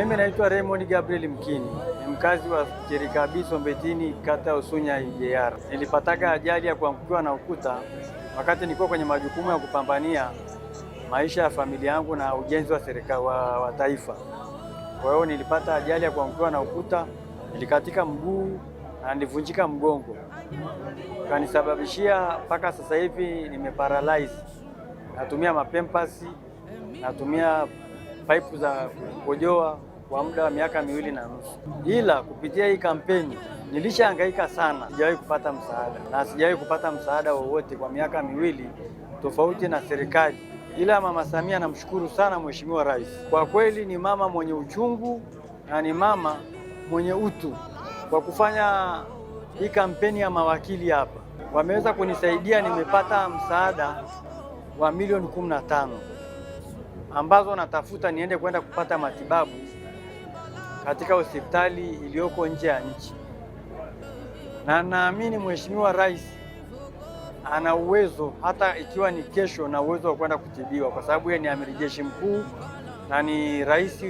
Mimi naitwa Raymond Gabriel Mkini, ni mkazi wa Chirikabiso Mbetini, kata ya Usunya IJR. Nilipataka ajali ya kuangukiwa na ukuta wakati nilikuwa kwenye majukumu ya kupambania maisha ya familia yangu na ujenzi wa serikali wa, wa taifa. Kwa hiyo nilipata ajali ya kuangukiwa na ukuta, nilikatika mguu na nilivunjika mgongo, kanisababishia mpaka sasa hivi nimeparalyze. Natumia mapempasi, natumia paipu za kukojoa kwa muda wa miaka miwili na nusu, ila kupitia hii kampeni nilishahangaika sana, sijawahi kupata msaada na sijawahi kupata msaada wowote kwa miaka miwili, tofauti na serikali. Ila mama Samia namshukuru sana mheshimiwa rais, kwa kweli ni mama mwenye uchungu na ni mama mwenye utu. Kwa kufanya hii kampeni ya mawakili hapa, wameweza kunisaidia, nimepata msaada wa milioni kumi na tano ambazo natafuta niende kwenda kupata matibabu katika hospitali iliyoko nje ya nchi, na naamini Mheshimiwa Rais ana uwezo hata ikiwa ni kesho, na uwezo wa kwenda kutibiwa, kwa sababu yeye ni amiri jeshi mkuu na ni rais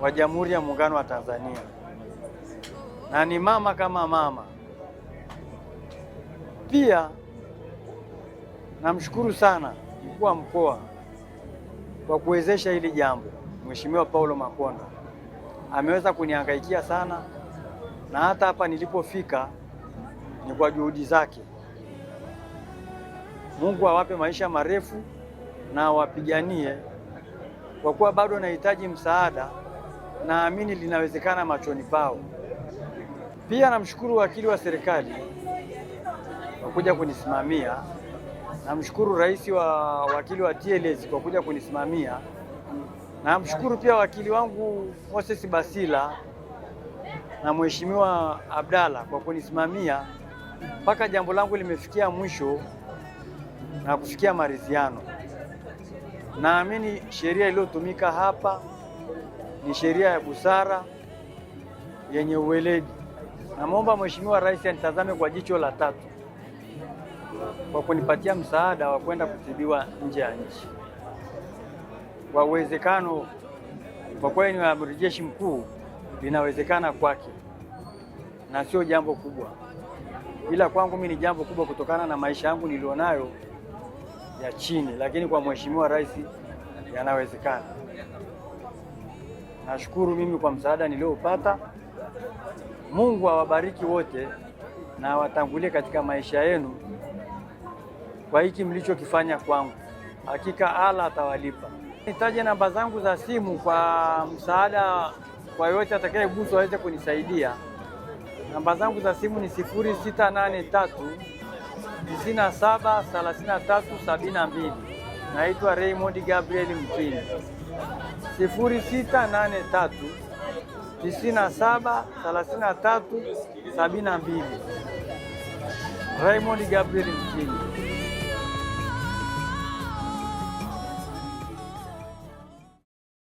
wa Jamhuri ya Muungano wa Tanzania na ni mama kama mama. Pia namshukuru sana mkuu wa mkoa kwa kuwezesha hili jambo, Mheshimiwa Paulo Makonda ameweza kunihangaikia sana, na hata hapa nilipofika ni kwa juhudi zake. Mungu awape maisha marefu na awapiganie, kwa kuwa bado nahitaji msaada, naamini linawezekana machoni pao. Pia namshukuru wakili wa serikali kwa kuja kunisimamia, namshukuru rais wa wakili wa TLS kwa kuja kunisimamia Namshukuru pia wakili wangu Moses Basila na Mheshimiwa Abdalla kwa kunisimamia mpaka jambo langu limefikia mwisho na kufikia maridhiano. Naamini sheria iliyotumika hapa ni sheria ya busara yenye uweledi. Namwomba Mheshimiwa Rais anitazame kwa jicho la tatu kwa kunipatia msaada wa kwenda kutibiwa nje ya nchi kwa uwezekano, kwa kweli ni amiri jeshi mkuu, linawezekana kwake na sio jambo kubwa, ila kwangu mimi ni jambo kubwa kutokana na maisha yangu nilionayo ya chini, lakini kwa mheshimiwa rais yanawezekana. Nashukuru mimi kwa msaada niliopata. Mungu awabariki wote na awatangulie katika maisha yenu kwa hiki mlichokifanya kwangu, hakika Allah atawalipa. Nitaje namba zangu za simu kwa msaada, kwa yote atakayeguswa aweze kunisaidia. Namba zangu za simu ni sifuri sita nane tatu tisini na saba thelathini na tatu sabini na mbili. Naitwa Raymond Gabriel Mtini, sifuri sita nane tatu tisini na saba thelathini na tatu sabini na mbili. Raymond Gabriel Mtini.